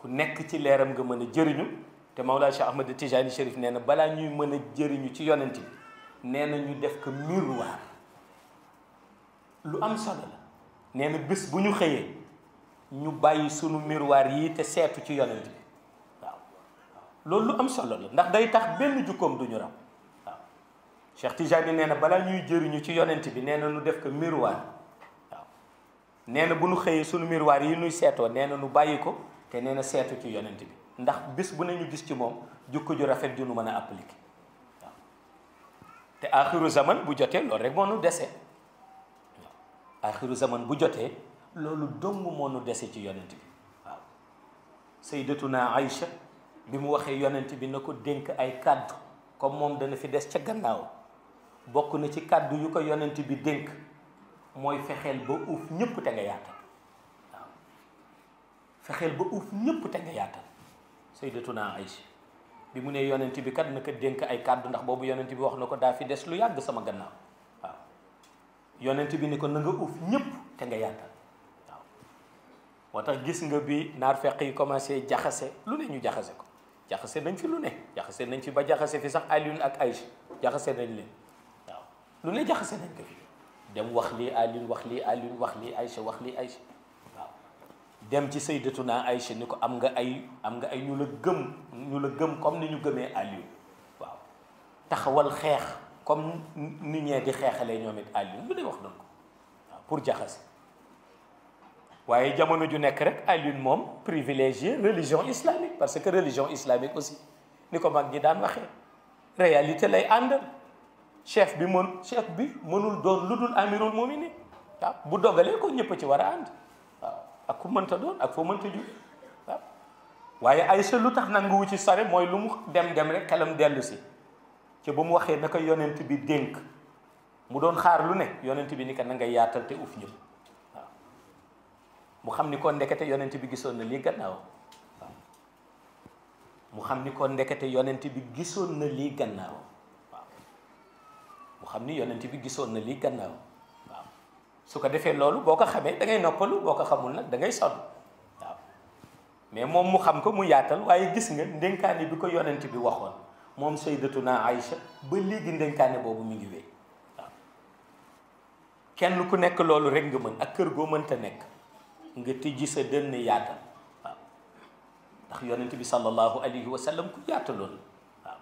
ku nekk ci leeram nga mën a jëriñu te Mawlaa Cheikh Ahmad Tijani Chérif nee na balaa ñuy mën a jëriñu ci yonent bi nee na ñu def ko miroir lu am solo nee na bés bu xëyee ñu bàyyi sunu miroir yi te seetu ci yonent waaw loolu am solo la ndax day tax benn du ñu raw waaw Cheikh Tijani na balaa ñuy jëriñu ci yonent bi nee na ñu def ko miroir waaw nee na bu nu xëyee sunu miroir yi nuy seetoo nee na ñu bàyyi ko. te nee na seetu ci yonent bi ndax bés bu nañu gis ci moom jukko ju rafet ju nu mën a appliquer waaw te axiru zaman bu jotee loolu rek moo nu dese waaw axiru zaman bu jotee loolu dong moo nu dese ci yonent bi waaw sayyidatuna Aïcha bi mu waxee yonent bi na ko dénk ay kàddu comme moom dana fi des ca gannaaw bokk na ci kàddu yu ko yonent bi dénk mooy fexeel ba uuf ñépp te nga yaatal fexeel ba uuf ñëpp te nga yaatal sayyidatuna Aïcha bi mu ne yonent bi kat na ko dénk ay kàddu ndax boobu yonent bi wax na ko daa fi des lu yàgg sama gannaaw waaw yonent bi ni ko na nga uuf ñëpp te nga yaatal waaw moo tax gis nga bi naar feq yi commencé jaxase lu ne ñu jaxase ko jaxase nañ fi lu ne jaxase nañ fi ba jaxase fi sax Alioune ak Aïcha jaxase nañ leen waaw lu ne jaxase nañ ko fi dem wax lii Alioune wax lii Alioune wax lii Aïcha wax lii Aïcha dem ci sayyidatuna Aïcha ni ko am nga ay am nga ay ñu la gëm ñu la gëm comme ni ñu gëmee Aliou waaw taxawal xeex comme ni ñee di xeexalee ñoom it Aliou lu ne wax nañ ko waaw pour jaxase waaye jamono ju nekk rek Aliou moom privilégié religion islamique parce que religion islamique aussi ni ko mag ñi daan waxee réalité lay ànd chef bi mën chef bi mënul doon lu dul amirul muminin waaw bu dogalee ko ñëpp ci war a ànd ku mënta doon ak foo mënta ju waaw waaye Aysa lu tax nanguwu ci sore mooy lu mu dem dem rek xelam dellu si ci ba mu waxee na ko yonent bi dénk mu doon xaar lu ne yonent bi ni ko na nga yaatal te uf ñëpp waaw mu xam ni ko ndekete yonent bi gisoon na lii gannaaw waaw mu xam ni ko ndekete yonent bi gisoon na lii gannaaw waaw xam ni yonent bi gisoon na lii gannaaw su ko defee loolu boo ko xamee dangay ngay noppalu boo ko xamul nag da ngay sonn waaw mais moom mu xam ko mu yaatal waaye gis nga ndénkaane bi ko yonent bi waxoon moom sayyidatuna Aïcha ba léegi ndénkaane boobu mu ngi wéy waaw kenn ku nekk loolu rek nga mën ak kër goo mënta nekk nga tijji sa dënn yaatal waaw ndax yonent bi sallallahu alayhi wa sallam ku yaataloon waaw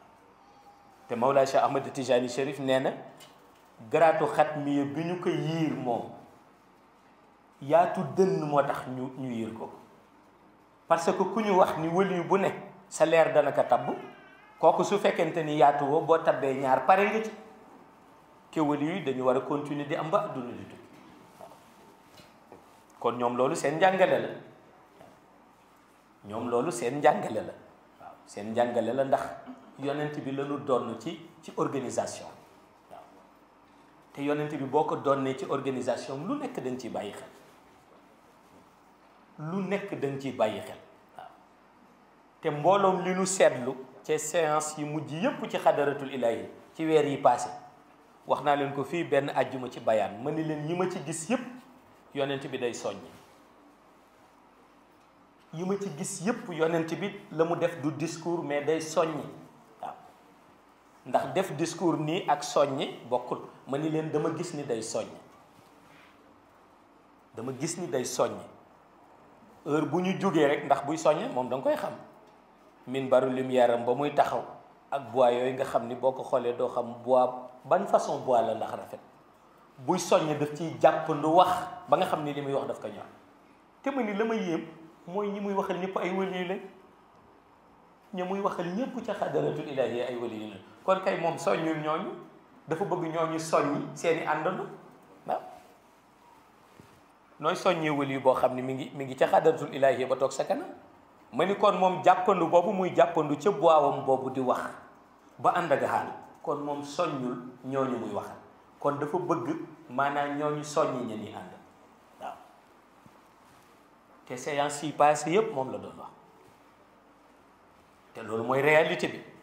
te Mawlaa Cheikh Ahmad Tijani Cherif nee na garaatu xat mi bi ñu ko yiir moom yaatu dënn moo tax ñu ñu yër ko parce que ku ñu wax ni wëliw bu ne sa leer dana ko tabb kooku su fekkente ni yaatu woo boo tabbee ñaar pare nga ci te wëliw yi dañu war a continuer di am ba adduna di tukki kon ñoom loolu seen njàngale la ñoom loolu seen njàngale la seen njàngale la ndax yonent bi lañu donn ci ci organisation waaw te yonent bi boo ko donnee ci organisation lu nekk dañ ci bàyyi xel lu nekk dañ ciy bàyyi xel waaw te mbooloom li nu seetlu ci séance yi mujj yépp ci xadaratul ilahi ci weer yi passé wax naa leen ko fii benn àjjuma ci bayaan ma ni leen ñi ma ci gis yépp yonent bi day soññi yi ma ci gis yépp yonent bi la mu def du discours mais day soññi waaw ndax def discours nii ak soññi bokkul ma ni leen dama gis ni day soññi dama gis ni day soññi heure bu ñu jógee rek ndax buy soññe moom danga koy xam min baru lumière am ba muy taxaw ak bois yooyu nga xam ni boo ko xoolee doo xam bois ban façon bois la ndax rafet buy soññe daf ciy jàppandu wax ba nga xam ni li muy wax daf ko ñor te ma ni la ma yéem mooy ñi muy waxal ñëpp ay wëli lañ ñi muy waxal ñëpp ca xadaratul ilaahi ay wëli kon kay moom soññul ñooñu dafa bëgg ñooñu soññi seeni àndandoo nooy soññee wëli boo xam ne mi ngi mi ngi ca xadaratul ilaahi ba toog sa kanam ma ni kon moom jàppandu boobu muy jàppandu ca boawam boobu di wax ba ànd ak xaal kon moom soññul ñooñu muy wax kon dafa bëgg maanaam ñooñu soññi ña ni ànd waaw te séance yi passé yépp moom la doon wax te loolu mooy réalité bi